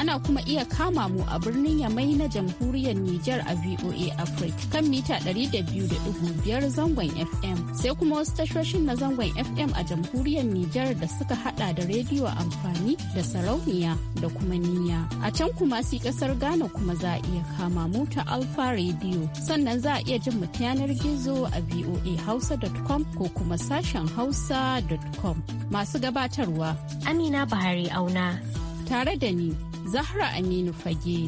ana kuma iya kama mu a birnin Yamai na jamhuriyar Nijar a VOA Africa kan mita 200.5 zangon FM sai kuma wasu tashoshin na zangon FM a jamhuriyar Nijar da suka hada da rediyo amfani da sarauniya da kuma niya. A can kuma si kasar Ghana kuma za a iya kama mu ta Alfa Radio sannan za a iya jin mu ta yanar gizo a voahausa.com ko kuma sashen hausa.com masu gabatarwa. Amina Bahari Auna. Tare da ni Zahra Aminu Fage.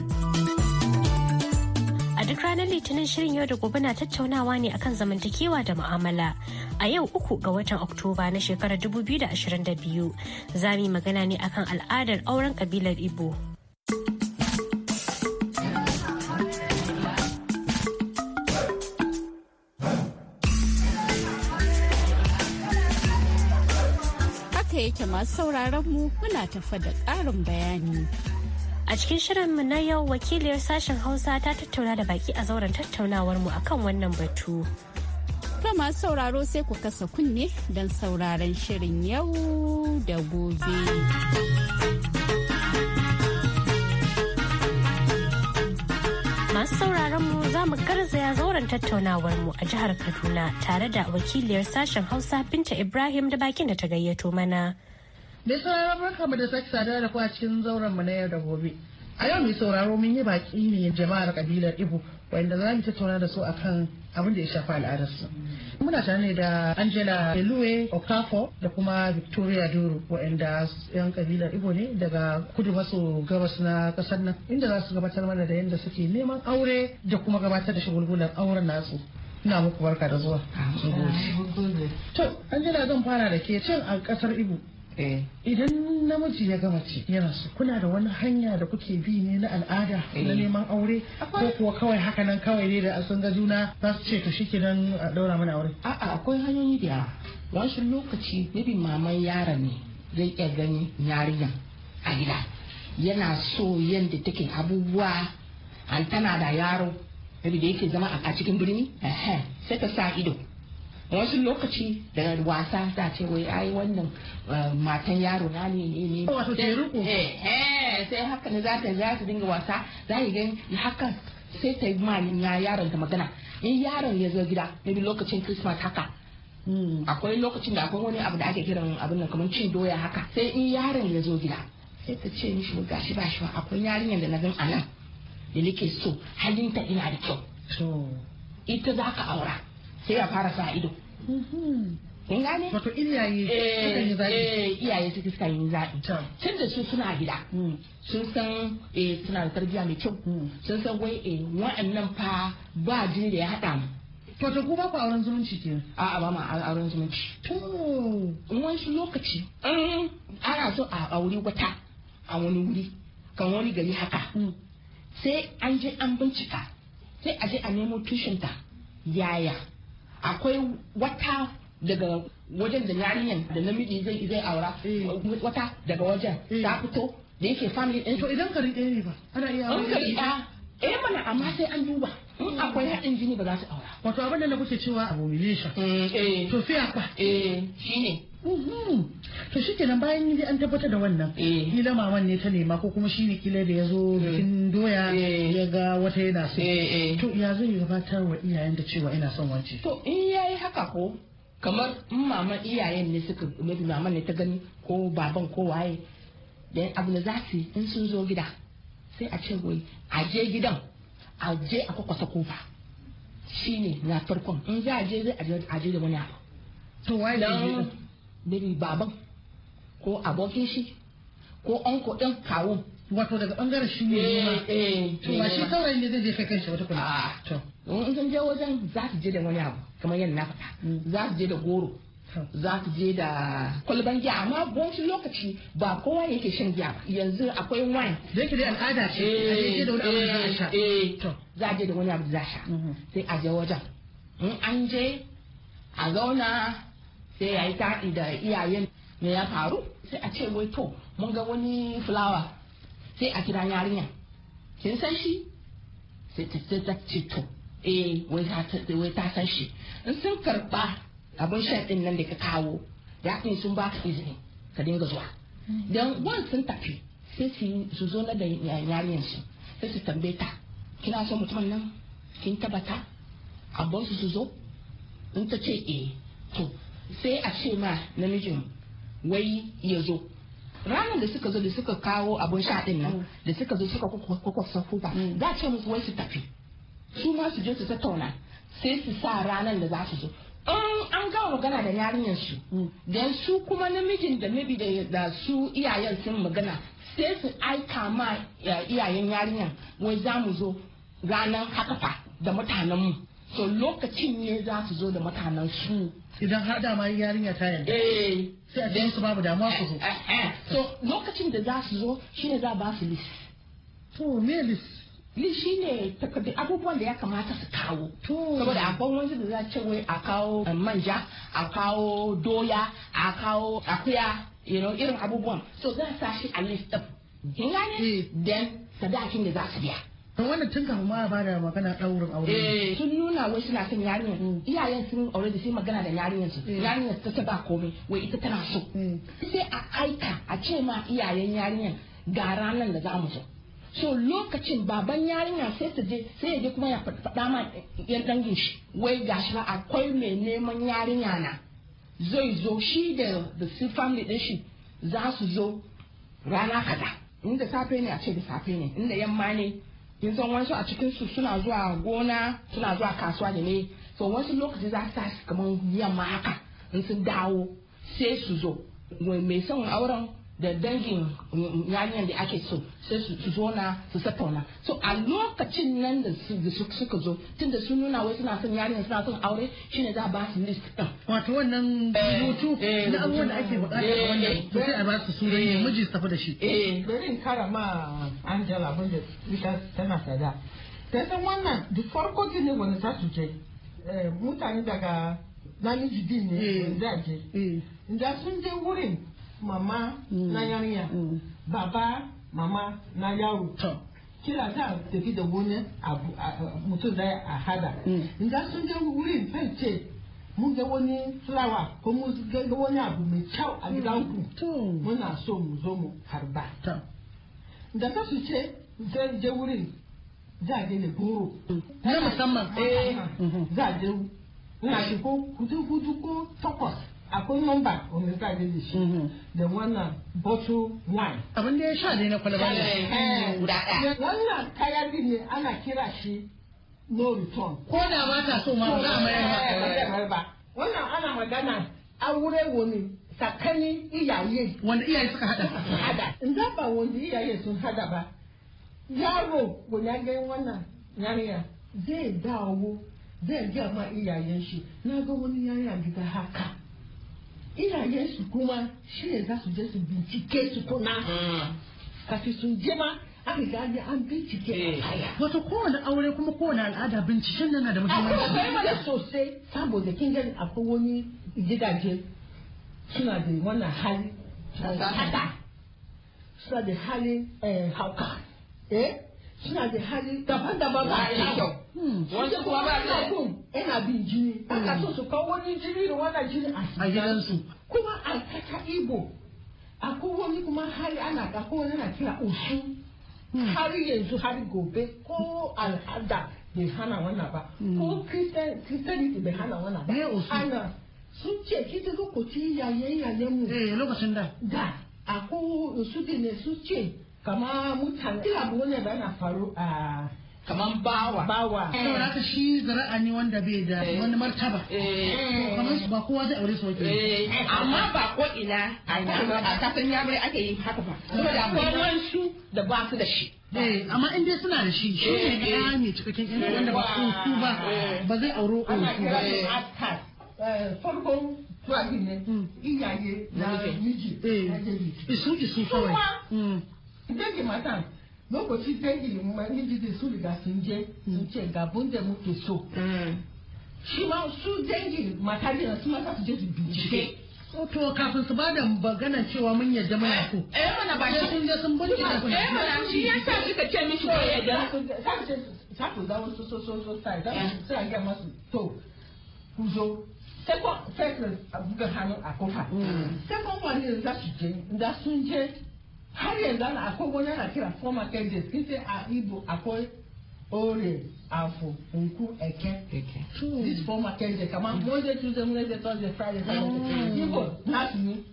A duk ranar Litinin shirin yau da gobe na tattaunawa ne akan zamantakewa da mu'amala. A yau uku ga watan Oktoba na shekarar 2022 za mu yi magana ne akan al'adar auren kabilar Ibo. Haka yake masu sauraron mu muna tafa da ƙarin bayani. A cikin shirin mu na yau wakiliyar sashen Hausa ta tattauna da baki a zauren tattaunawarmu akan wannan batu. To masu sauraro sai ku kasa kunne don sauraron shirin yau da gobe. Masu sauraron mu za mu garzaya zauren tattaunawar mu a jihar Kaduna tare da wakiliyar sashen Hausa Binta Ibrahim da bakin da ta gayyato mana. Mai sauraron barka mu da sake saduwa da ku a cikin zauren mu na yau da gobe. A yau mai sauraro mun yi baki ne jama'ar kabilar Ibo wanda za mu tattauna da su akan abin da ya shafa al'adarsu. Muna tare ne da Angela Elue Okafo da kuma Victoria Duru waɗanda 'yan kabilar Ibo ne daga kudu maso gabas na kasar nan inda za su gabatar mana da yadda suke neman aure da kuma gabatar da shagulgulan auren nasu. Ina muku barka da zuwa. To, Angela zan fara da ke cin a ƙasar Ibo Eh. idan namiji ya gama ci yana so kuna da wani hanya da kuke bi ne na al'ada na eh. neman aure ko kuwa kawai haka nan kawai ne da sun ga juna za su ce to shi nan a daura mana aure a'a akwai hanyoyi da yawa. yawancin lokaci nabi maman yaron ne zai iya gani yarinya a gida yana so yadda take abubuwa an tana da yaro nabi yake zama a cikin birni sai ta sa ido wasu lokaci da wasa za ce wai ai wannan eh, matan yaro na ne ne ne wato ce ruku eh, eh sai haka ne za ta za ta dinga wasa za yi gan haka sai ta ma malin ya yaron ta magana in yaron ya zo gida bi lokacin christmas haka hmm. akwai lokacin da akwai wani abu da ake kiran abin nan kamar cin doya haka sai in yaron ya zo gida sai ta ce mishi shi ba shi ba akwai yarinyar da na gan a nan da nake so halinta ina da kyau ita za ka aura sai ya fara sa ido Mhm. kin gane wato iyaye eh, sukan yi zaɓi eh iyaye suka suka yi zaɓi Can da su suna gida mm. sun san eh suna da tarbiyya mai kyau mm. sun san wai eh wa'annan fa ba jini da ya haɗa mu wato ku ba ku auren zumunci ke a a ba ma auren zumunci to wani lokaci ana so a auri wata a wani wuri kan wani gari haka mm. sai an je an bincika sai a je a nemo tushenta yaya akwai wata daga wajen da yarinyar da namiji zai zai aura eh. wata daga wajen eh. ta fito da yake family din to idan kari ɗaya ne ba ana iya aure kari ɗaya eh mana amma sai an duba in hmm. akwai haɗin jini ba za su aura wato abin da na kuce cewa abomination eh, eh. to sai akwa eh shine to shi kenan bayan an tabbatar da wannan kila eh. maman ne ta nema ko kuma shi ne kila da ya zo eh. bikin doya eh. ya ga wata yana so to ya zai gabatar wa iyayen da cewa ina son wance to in yayi haka ko kamar in maman iyayen ne suka maman ne ta gani ko baban ko waye da abu da za su in sun zo gida sai a ce wai a je gidan a je a kwakwasa kofa shine na farkon in za a je zai a je da wani abu to waye maybe baban ko abokin shi ko onko ɗin kawun wato daga ɓangaren shi ne eh, eh, eh. to ba shi kawai ne zai je kai kanshi wata kula to in sun je wajen za ta je da wani abu kamar yadda na faɗa za ta je da goro za ta je da kwalban giya amma gwamnati lokaci ba kowa yake shan giya ba yanzu akwai wine Zai yake dai al'ada ce a je da wani abu da za sha za a je da wani abu da sha mm-hmm. sai a je wajen in an je a zauna sai ya yi taɗi da iyayen me ya faru sai a ce wai to mun ga wani fulawa sai a kira yarinya kin san shi sai ta ce to eh wai ta san shi in sun karba abin shan din nan da ka kawo yakin sun ba ka izini ka dinga zuwa don wan sun tafi sai su zo na da yarinyar su sai su tambaye ta kina son mutumin nan kin tabbata abban su su zo in ta ce eh to sai a ce ma namijin wai ya zo ranar da suka zo da suka kawo abun sha din nan mm. da suka zo suka kwakwasa kuka mm. za a ce musu wai su tafi su ma su je su tattauna sai su sa ranar da za su zo an gawa magana da yarinyar su mm. don su kuma namijin da mabi da su iyayen sun magana sai su aika ma eh, iyayen yarinyar wai za mu zo ranar haka fa da mutanenmu so lokacin ne za su zo da mutanen su idan har dama yarinya ta yarda eh. sai a ce su babu damuwa ku zo eh, eh, so lokacin da za su zo shine za ba su list to me list Li shi ne takardun abubuwan da ya kamata su kawo. Saboda akwai wani da za ce wai a kawo manja, a kawo doya, a kawo akuya, irin abubuwan. So za sa shi a list din Kin gane? dan sadakin da za su biya. wannan tun kafin ma ba da magana ɗaurin aure eh. sun nuna wai suna son yarinyar iyayen sun aure da sai magana da yarinyar su eh. yarinyar ta ta ba komai wai ita tana so eh. sai a aika a ce ma iyayen yarinyar ga ranar da za mu zo so lokacin baban yarinya sai ta je sai ya je kuma ya faɗa ma yan dangin shi wai gashi ba akwai mai neman yarinya na zai zo shi da da su family din shi za su zo rana kaza inda safe ne a ce da safe ne inda yamma ne yanzu wasu a cikinsu suna zuwa gona suna zuwa kasuwa ne ne so wasu lokaci za su tashi kamar yamma haka in sun dawo sai su zo mai son auren da dangin mm, mm, yanayin da ake so sai su zona su tattauna so a lokacin nan da suka zo tun da sun nuna wai suna son yanayin suna son aure shine za a ba su list din wato wannan eh, rubutu na eh, abubuwan da ake bukata wanda eh, sai a ba su su rayu miji tafi da shi eh bari in kara ma Angela abin da ita tana sada ta san wannan da farko ne wanda mutane daga namiji din ne wanda je inda sun je wurin mama mm. baba mama na Kila kira ta tafi da wani mutum daya a hada idan sun je wurin zai ce mun ga wani fulawa ko mun ga wani abu mai kyau a gidanku muna so mu zo mu harba da ta su ce zai je wurin za a je da goro na musamman eh za a je na ko kutu kutu ko takwas akwai o wani ta da shi da wannan bottle wine abin da ya sha ne na kwalaba ne guda ɗaya wannan kaya ne ana kira shi no return ko da ba ta so ma eh, eh, ba mai ba wannan ana magana aure wani tsakani iyaye wanda iyaye suka hada hada in ba wanda iyaye sun hada ba yaro guda ga wannan yariya zai dawo zai ga iyayen shi na ga wani yaya gida haka iyayensu kuma shi ne za su je su bincike su kuna mm. kafin su je ma aka gani an bincike eh. wato kowane aure kuma kowane al'ada binciken nan da muhimmanci akwai wani sosai saboda kin gani akwai wani gidaje suna da wannan hali hada suna da hali eh, hauka eh suna da hali daban-daban ba hmm. a kyau. Wanda kuma ba a kun yana bin jini. Aka so su kawo wani jini da wannan jini a gidansu. Kuma a kaka Igbo akwai wani kuma hali ana akwai wani na kira usu. Hmm. Hari yanzu hari gobe ko al'ada bai hana wannan ba. Hmm. Ko Christianity bai hana wannan ba. Ana sun ce kita lokaci yaye yaye mu. Eh lokacin da. Da akwai su ne su ce kama mutane duk abu ne da na faru a kaman bawa bawa eh. saboda haka shi zara'a ne wanda bai da eh. wani martaba eh. Kaman ba kowa zai aure sauke amma ba ko ina a kasan bai ake yin haka ba saboda akwai su da ba su da shi amma in dai suna da shi shi ne ɗaya mai cikakken yanci wanda ba su ba ba zai aure auro ba farkon tuwa ne hmm. iyaye da miji isu isu kawai ita ke matan lokaci ta yi miji da su riga sun ce ga da muke so shi ma su dangi mata da su mata bada magana cewa mun yadda mana ko eh mana ba shi sun je sun bincike ku mana shi ya sa ce ko ya sa sa ku wasu so so so sai da su ga masu to kuzo. zo second abuga hannu a kofa second one ne su je da sun je har yanzu ana akwai wani ana kira days candidates kince a igbo akwai ore afọ nkwu eke this former candidate kama monday tuesday wednesday thursday friday saturday mm. igbo nasu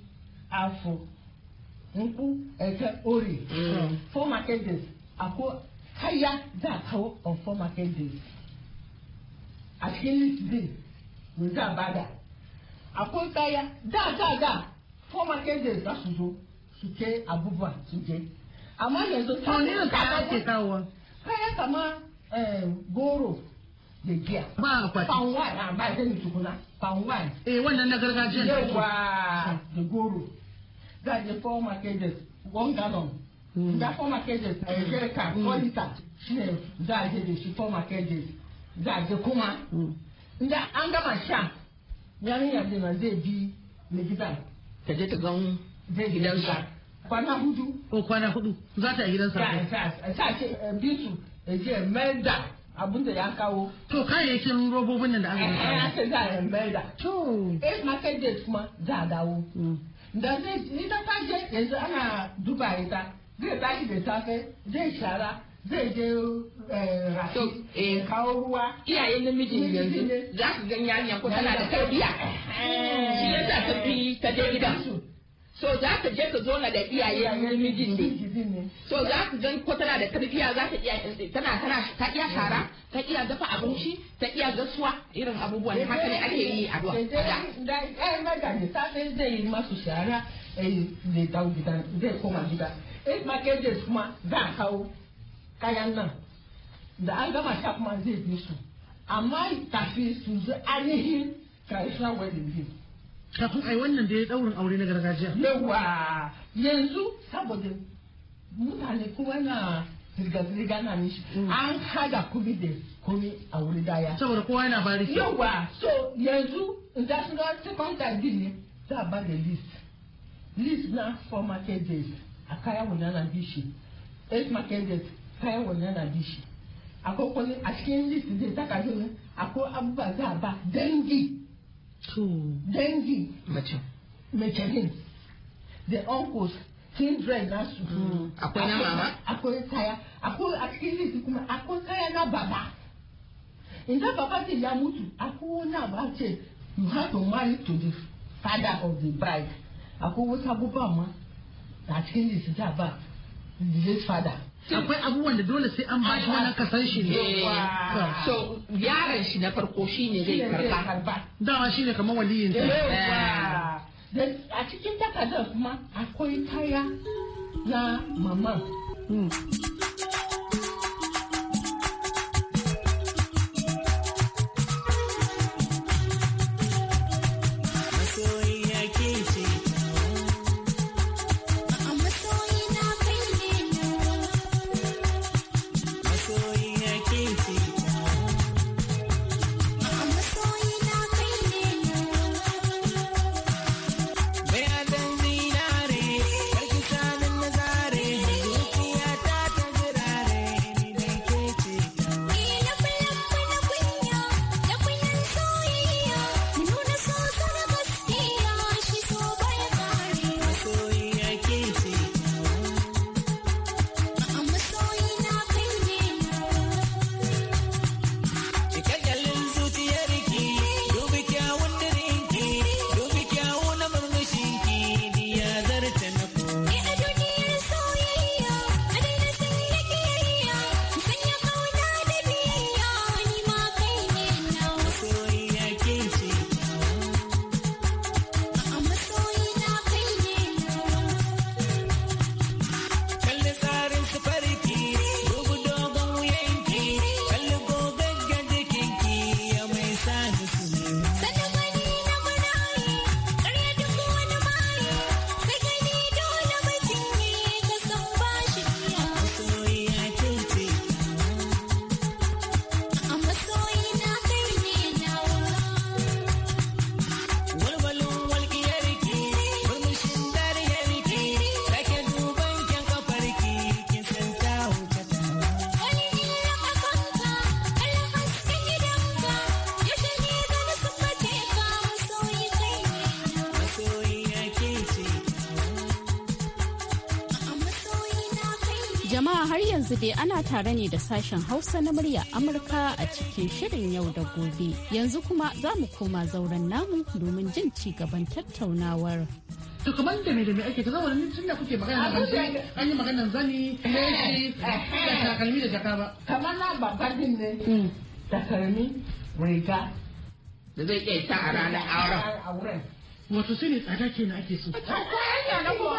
afọ nkwu eke ore mm. former candidates akwai haya da kawo on former candidates a cikin list din mun za bada akwai kaya da da da former candidates za su zo suke abubuwa suke amma yanzu tunanin kaya ke kawo kaya kama goro da giya ba akwati panwan a ba zai tukuna panwan eh wannan na gargajiya ne yawa da goro za je four markets one gallon da hmm. four markets a hmm. jerka hmm. one liter shine za a je da shi four markets za a je kuma da an gama sha yarinya ne ma zai bi mai gidan ta je ta gan zai gidansa kwana hudu ko kwana hudu za ta gidansa ta ce eh, bisu ya je mai da abin da ya kawo to kayayyakin robobin nan da aka kawo eh, ya ce za a mai da to eh market date kuma za a dawo mm. da zai ita ta je yanzu ana duba ita zai tashi da safe zai shara zai je eh, rafi kawo ruwa iyaye namiji yanzu za su gan yarinya ko tana da tarbiya shi yasa ta bi ta je gidansu so za ka je ka zona da iyaye mijin ne so za ka gan ko tana da tarbiya za ta iya tana tana ta iya shara ta iya dafa abinci ta iya gasuwa irin abubuwa ne haka ne ake yi a ruwa da ai maga ne safe zai yi masu shara eh zai gida zai koma gida eh market days kuma za kawo kayan nan da an gama sha kuma zai bi su amma tafi su zai ka traditional wedding bill kun ai wannan da ya daurin aure na gargajiya yawa yanzu saboda mutane kowa na zirga-zirga na nishi an hada kumi da kumi a wuri daya saboda kowa yana bari yawa so yanzu international secondary din za a ba da list list na four market days a kaya wannan na bishi eight market days kaya wannan na bishi akwai a cikin list da ta kashe akwai abubuwa za a ba dangi Dengue, Mechanin, the uncles, children that's sukuu. Mm. Akwanya mama. Akwanya saya, akwanya akili kuma, akwanya saya na baba. Nta papa ti ya mutu, akwanya na ba ce, you have to marry to the father of the bride. Akwanya sabu ba ma, na cikin lisi ta ba, the father. akwai abubuwan da dole sai an bashi wani kasar shi ne so yaron shi na farko ne zai karba dama shine kamar waliyin ta eh. a cikin takardar kuma akwai kaya na maman hmm. yanzu ana tare ne da sashen Hausa na murya Amurka a cikin shirin yau da gobe. Yanzu kuma za mu koma zauren namu domin jin ci gaban tattaunawar. to kamar da ake ta kuke magana sai da takalmi da jaka ba hmm. zai iya ta a ranar auren wato sai ne tsada na ake so na kuma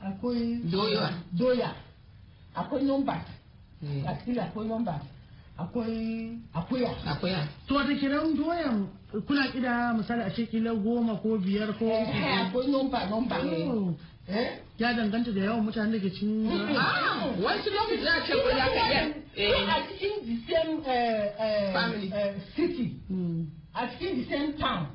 akwai doya akwai yombat a cikin akwai yombat akwai akuya akuya to wata kiran doyan kuna kida misali a kila goma ko biyar ko eh, akwai yombat yombat oh. eh? ya danganta da yawan mutanen da ke cin eh. ah, wasu lokaci za a ce ko ya kai a cikin the same city hmm. a cikin the same town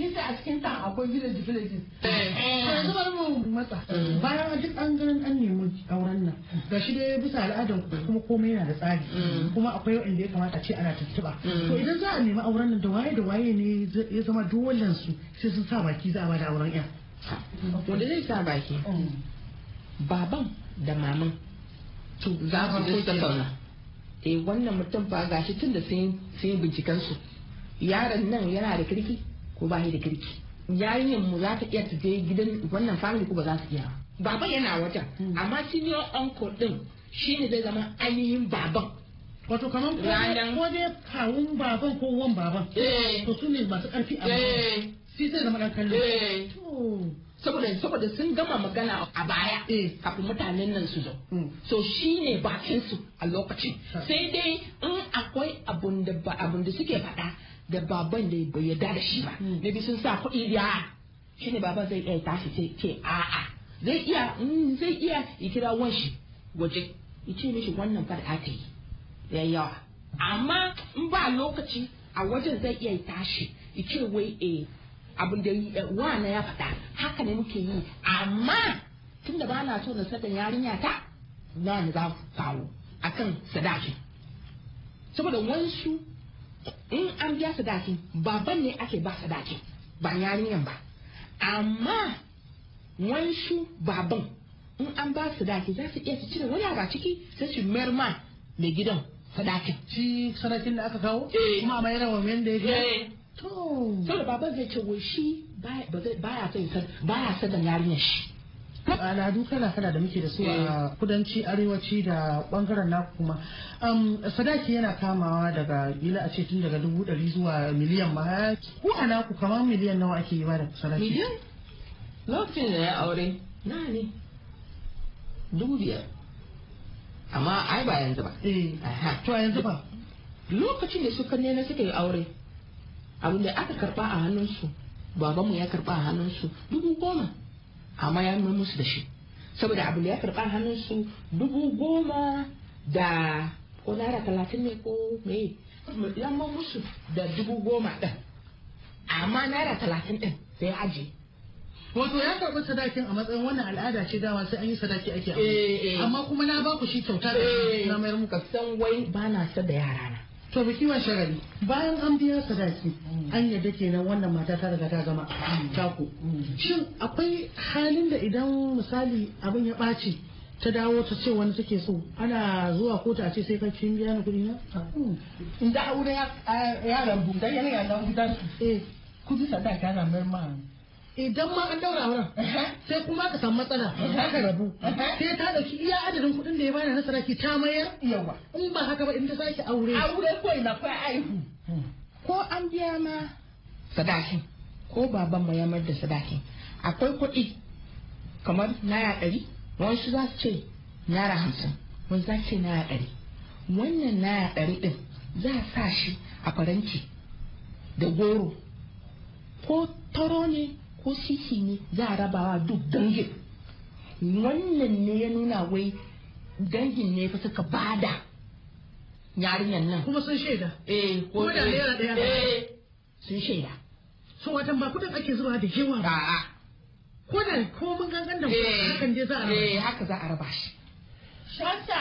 kisa a cikin ta akwai village villages eh. yanzu bari mu matsa eh. bayan duk an ganin an nemi auren nan ga shi dai bisa al'adar kuma komai yana da tsari eh. kuma akwai wanda ya kamata ce ana tuntuɓa to idan za a nemi auren nan da waye da waye ne ya zama dolan su sai sun sa baki za a bada auren yan wanda zai sa baki oh. baban da maman to za su ta tattauna eh wannan mutum fa gashi tun da sai yi su yaron nan yana da kirki ko ba da kirki yarinyar mu za ta iya ta je gidan wannan family ko ba za su iya baba yana wata hmm. amma senior uncle din shine zai zama ainihin baban wato kamar ko dai kawun baban ko wan baban eh. to su ne masu karfi a eh. shi zai zama dan kallo eh. saboda saboda sun gama magana a baya kafin mutanen nan su zo hmm. so shi ne bakin su a lokacin sai dai in akwai abun da suke faɗa da baban da bai yarda da shi ba hmm. na bi sun sa kuɗi da shi ne baban zai iya tashi sai ce a'a zai iya hmm, zai iya ya kira wanshi waje ya ce mishi wannan fa da aka yi ya yawa amma in ba lokaci a wajen zai iya tashi ya ce wai eh abin da eh, wana ya faɗa haka ne muke yi amma tun da ba na so na sadan yarinya ta na ni za kawo akan sadaki saboda wansu in an biya sadaki baban ne ake ba sadaki ba yarinyan ba amma wansu baban in an ba sadaki za su iya su cire wani ba ciki sai su mayar ma mai gidan sadakin shi sadakin da aka kawo eh. kuma mai rawa wa da yake eh. to saboda baban zai ce wai shi baya son baya son yarinyar shi al'adu kala-kala da muke da su a eh. kudanci arewaci da bangaren na kuma sadaki yana kamawa daga gila a ce tun daga dubu dari zuwa miliyan ma ku a naku kamar miliyan nawa ake yi ba da sadaki miliyan lokacin da ya aure na ne dubu biyar amma ai ba yanzu ba eh. to yanzu ba lokacin da suka nena suka yi aure abin da aka karba a hannunsu babanmu ya karba a hannunsu dubu goma amma ya nuna musu da shi saboda abu ya karɓa hannunsu dubu goma da ko naira talatin ne ko me ya ma musu da dubu goma ɗin amma naira talatin ɗin sai aji. wato ya karɓi sadakin a matsayin wannan al'ada ce dama sai an yi sadaki ake eh, eh. amma kuma na ba ku shi kyauta da eh. na mayar muka san wai ba na sa da yara na to biki wa shagali bayan an biya sadaki an yadda kenan wannan mata ta riga ta gama taku shin akwai halin da idan misali abin ya ɓaci ta dawo ta ce wani take so ana zuwa kotu a ce sai kai kin biya ni kuɗi na hmm. in da aure ya rambu da yana ya dan gudan eh kudi sadaka na mai idan ma an daura wurin sai kuma ka samu matsala aka rabu sai ta dauki iya adadin kuɗin da ya bani na sadaki ta mayar yawa in ba haka ba in ta sake aure aure ko ina ko aihu hmm. ko an biya ma sadaki ko baban mu ya mar da sadaki akwai kuɗi kamar naira ɗari wasu za su ce naira hamsin wani za su ce naira ɗari wannan naira ɗari ɗin za a sa shi a faranti da goro ko taro ne ko sisi ne za a rabawa duk dangin wannan ne ya nuna wai dangin ne fa suka bada yarinyar nan kuma sun shaida eh ko da naira daya eh sun shaida so watan ba kudin ake zuba da yawa ba a'a ko da ko mun gangan da hakan je za a eh haka za a raba shi shanta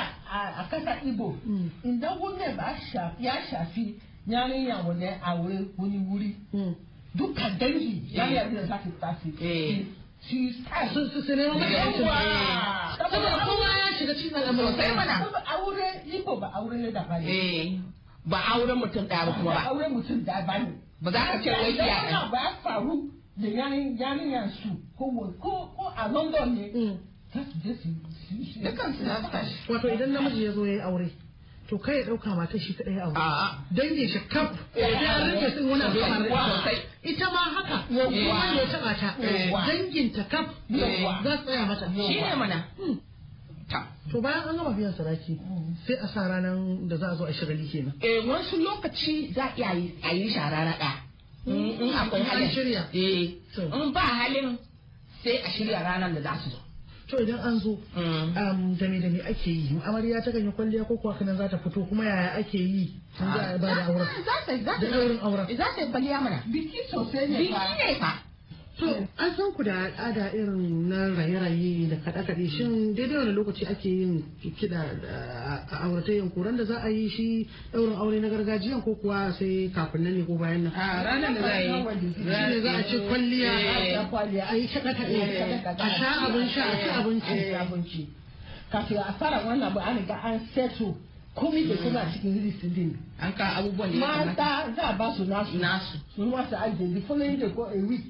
a kasa ibo hmm. idan gwamnati ba ya shafi yarinya wani a wani wuri hmm. dukkan dangi ya eh. yi abin da za ki tafi eh. shi sun su su nemo saboda kowa ya shiga cikin al'amuran sai mana aure iko ba aure ne da eh. bane ba aure mutum da ba kuma ba aure mutum da ba ne ba za ka ce wai ya ba faru da yarinyar su ko ko a London ne mm. za su je su yi su wato idan namiji ya zo ya yi aure to kai ya dauka mata shi kadai abu dangin shi kaf sai an rinka sun wani abu sosai ita ma haka eh. kuma ya taba ta eh. dangin ta kaf eh. za su tsaya mata shi ne mana hmm. to bayan an gama biyan sadaki sai a sa ranar da za a zo a shigali kenan eh wasu lokaci za a yi a yi shara rada hmm. in akwai halin eh in ba halin sai a shirya ranar da za su zo to idan an zo mm. da me da me ake yi amarya ta kan yi kwalliya ko kuwa kanan za ta fito kuma yaya ake yi tun za a ba da auren da ɗaurin auren za ta yi kwalliya mana biki sosai ne biki ne fa So an san ku da al'ada irin na raye-raye da kaɗe-kaɗe shin daidai wani lokaci ake yin kiɗa a auratayyan kuran da za a yi shi ɗaurin aure na gargajiyan ko kuwa sai kafin nan ne ko bayan nan? A ranar da za a yi. Shi ne za a ci kwalliya a eh. yi kaɗe-kaɗe eh. a sha abin a ci eh. abinci. Kafin a fara wannan ba an riga an seto komai da suna cikin list din an ka abubuwan da ya kamata mata za a ba su nasu nasu sun wasa ajiye the following day ko a week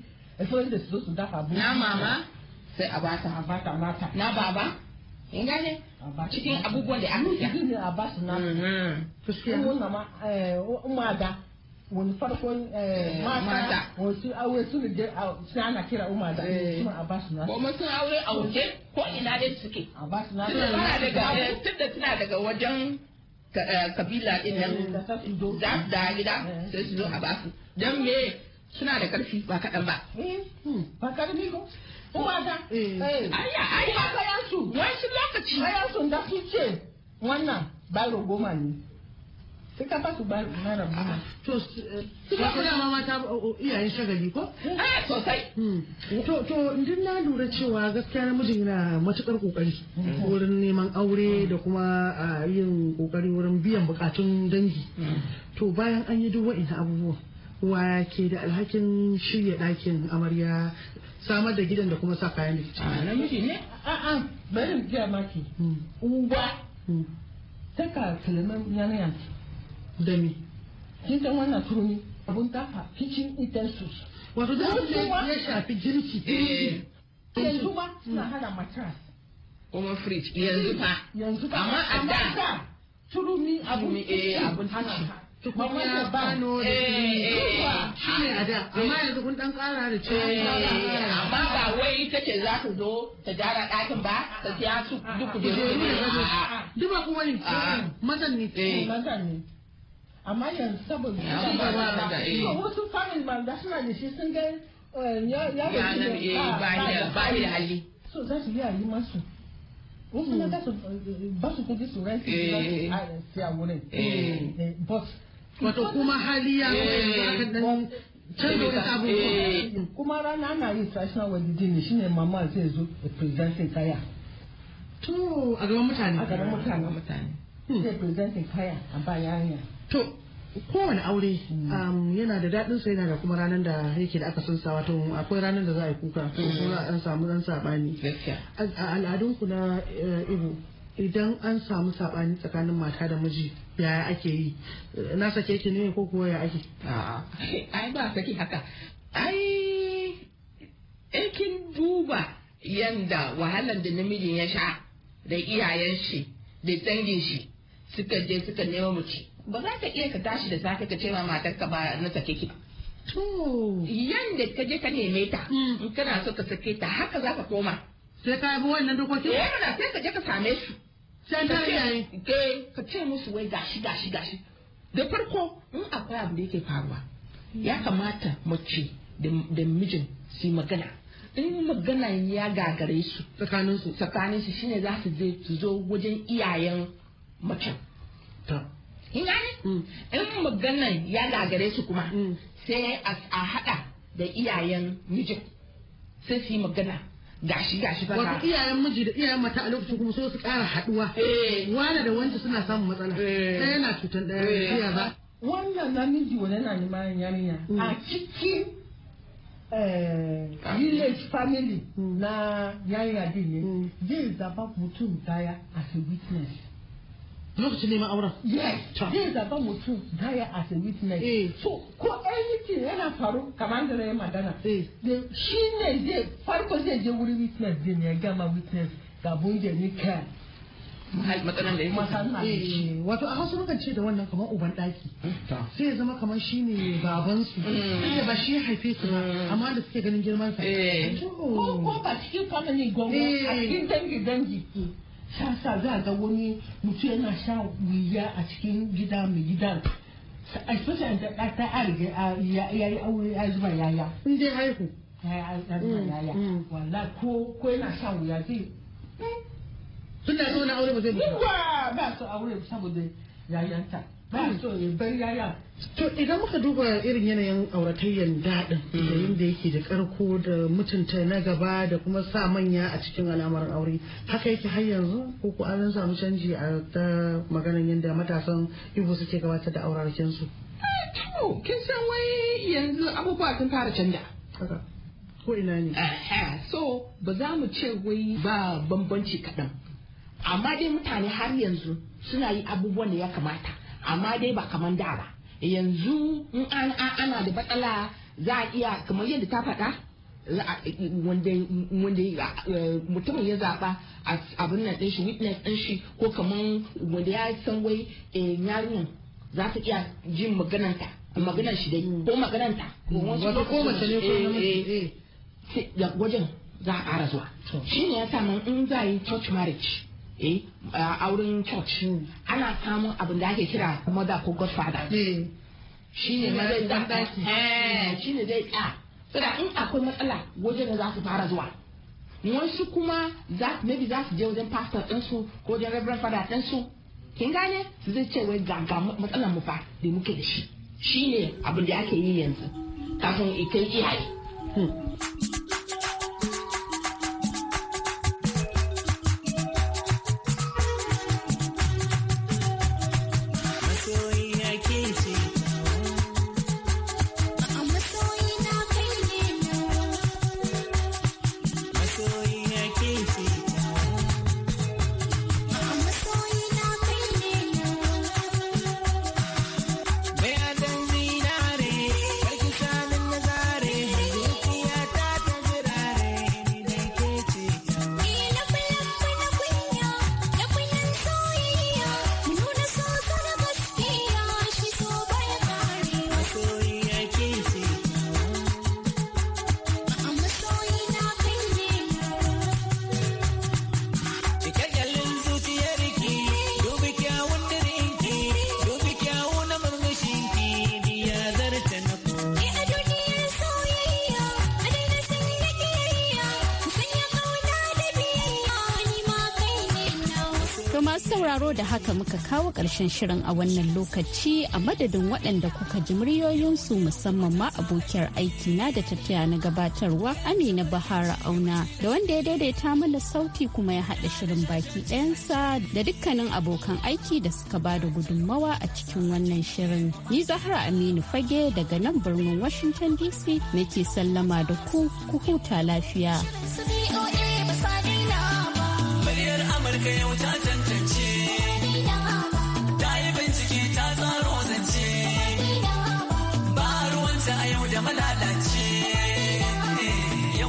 sai da su zo da dafa abinci na mama sai abata abata mata. bata nata na baba in gane cikin abubuwan da an yi a basu na wannan ma umada wani farkon mata wasu awe su ne su ana kira umada suna a basu na kuma sun aure a waje ko ina dai suke a basu na suna daga tunda tana daga wajen kabila din nan za da gida sai su zo a basu don me suna da karfi ba kaɗan ba. Eh, hmm. Ba karfi ko? Uwata. Ayya ayya. Uwata yansu. Wasu lokaci. Ayansu da su ce wannan baro goma ne. sai ka ba su ba naira goma. To, kuma kuna ma mata iyaye shagali ko? Eh, eh sosai. Hmm. To, to, duk na lura cewa gaskiya namiji yana matukar ƙoƙari. Hmm. wurin neman aure da kuma yin ƙoƙari wurin biyan buƙatun dangi. To, bayan an yi duk wa'in abubuwan. wa ke da alhakin shirya ɗakin amarya samar da gidan da kuma sa kayan da kici. A ah, namiji ne? A'a bari mu gaya maki. Hmm. Uwa. Saka hmm. kalmar yanayin. Da me? Kin san wannan turmi abun dafa kitchen utensils. Wato da ya shafi girki. Eh. Yanzu ba suna hana matras. Kuma fridge yanzu ba. Yanzu ba. Amma a da. Turmi abun eh, kitchen. Abun hana tukunya n'o da eh, eh, eh. shi ne a da amma yanzu kun dan kara da cewa amma ba wai ita ce za ta zo ta gyara ɗakin ba ta siya su duk kujeru duk ba kuma ne mazan ne mazan ne amma yanzu saboda wasu famin ba da suna da shi sun ga ya ba da hali so za su yi a yi masu wasu na za su ba su kuji su rai su yi a wurin but wato kuma hali ya eh, zama eh. kuma rana ana yin traditional wedding ne shine mama zai zo da presenting kaya to a gaban mutane a gaban mutane mutane hmm. zai presenting kaya a bayan ya to kowane aure hmm. um, yana da daɗin sa yana da kuma ranar da yake da aka sansa wato akwai ranar da za a yi kuka ko za a samu ɗan saɓani a al'adunku na eh, ibo idan an samu saɓani tsakanin mata da miji ya ake yi na sake ki ne ko kuwa ya ake ai ba saki haka ai aikin duba yanda wahalar da namijin ya sha da iyayen shi da dangin shi suka je suka nema mace ba za ka iya ka tashi da safe ka ce ma matar ka ba na sake ki to yanda ka je ka neme ta hmm. kana so ka sake ta haka za ka koma sai ka yi wannan dokokin eh sai ka je ka same su ka ce musu wai gashi gashi gashi da farko in akwai abu da yake faruwa ya kamata mace da mijin su magana in magana ya gagare su Tsakanin su shine za su je su zo wajen iyayen macen in mm. in magana ya gagare su kuma mm. sai a haɗa da iyayen mijin sai su yi magana gashi gashi fa wato iyayen miji da iyayen mata a lokacin kuma so su ƙara haɗuwa eh. wani da wanci suna samun matsala eh. ɗaya na cutar ɗaya iya eh. ba wannan namiji wani na neman yarinya mm. a cikin village family mm. na yarinya din ne mm. zai zaba mutum daya as a witness lokacin neman auren zai zaba mutum baya as a witness eh. so ko anything yana faru kamar da ya magana eh. shi ne zai farko zai je wuri witness din ya gama witness gabun da nika matsalan da yake eh, wato a hausa mukan ce da wannan kamar uban daki hmm. sai ya zama kamar shi ne baban su hmm. sai ba shi haife su ba hmm. amma da suke ganin girman sa ko ba cikin family gwamnati a cikin dangi dangi sasa za ga wani mutu yana sha wuya a cikin gida mai gidan especially da ɗa ta arga ya yi aure ya zuba yaya in dai haihu ya zuba mm, yaya mm. wala ko ko yana sha wuya zai tun da su na aure ba zai ba ba su aure saboda yayanta idan muka duba irin yanayin auratayyar daɗin mm. yayin da yake da karko da mutunta na gaba da kuma sa manya a cikin al'amarin aure haka yake har yanzu ko ku an samu canji a ta maganan yadda matasan ibo suke gabatar da aurarkin su eh, kin san wai yanzu abubuwa sun fara canja ko ina ne so ba za mu ce wai ba bambanci kaɗan amma dai mutane har yanzu suna yi abubuwan da ya kamata amma dai ba kamar da ba yanzu in an ana da batsala za a iya kamar yadda ta faɗa wanda mutumin ya zaɓa abin nan ɗin shi witness ɗin shi ko kamar wanda ya san wai eh, yarinyar za ta iya jin magananta maganar shi dai ko magananta mm. wasu ko mace ne ko eh, namiji eh, wajen za a ƙara zuwa shi ne ya sa in za a yi church marriage eh auren church ana samun abin da ake kira mother ko godfather hmm. eh, shi ne zai da shi ne zai da tsira in akwai matsala wajen ne za su fara zuwa wasu kuma za maybe za su je wajen pastor ɗinsu ko wajen reverend father ɗinsu kin gane su zai ce wai ga matsalar mu fa da muke da shi shi ne abin da ake yi yanzu kafin ikai iyaye hmm. sauraro da haka muka kawo ƙarshen shirin a wannan lokaci a madadin waɗanda kuka ji muryoyinsu musamman ma abokiyar aiki na da tafiya na gabatarwa Amina Bahara Auna da wanda ya daidaita mana sauti kuma ya haɗa shirin baki ɗayansa da dukkanin abokan aiki da suka ba da gudunmawa a cikin wannan shirin. Ni Zahra Aminu Fage daga nan birnin Washington DC nake sallama da ku ku huta lafiya. Amurka yau ta tantance.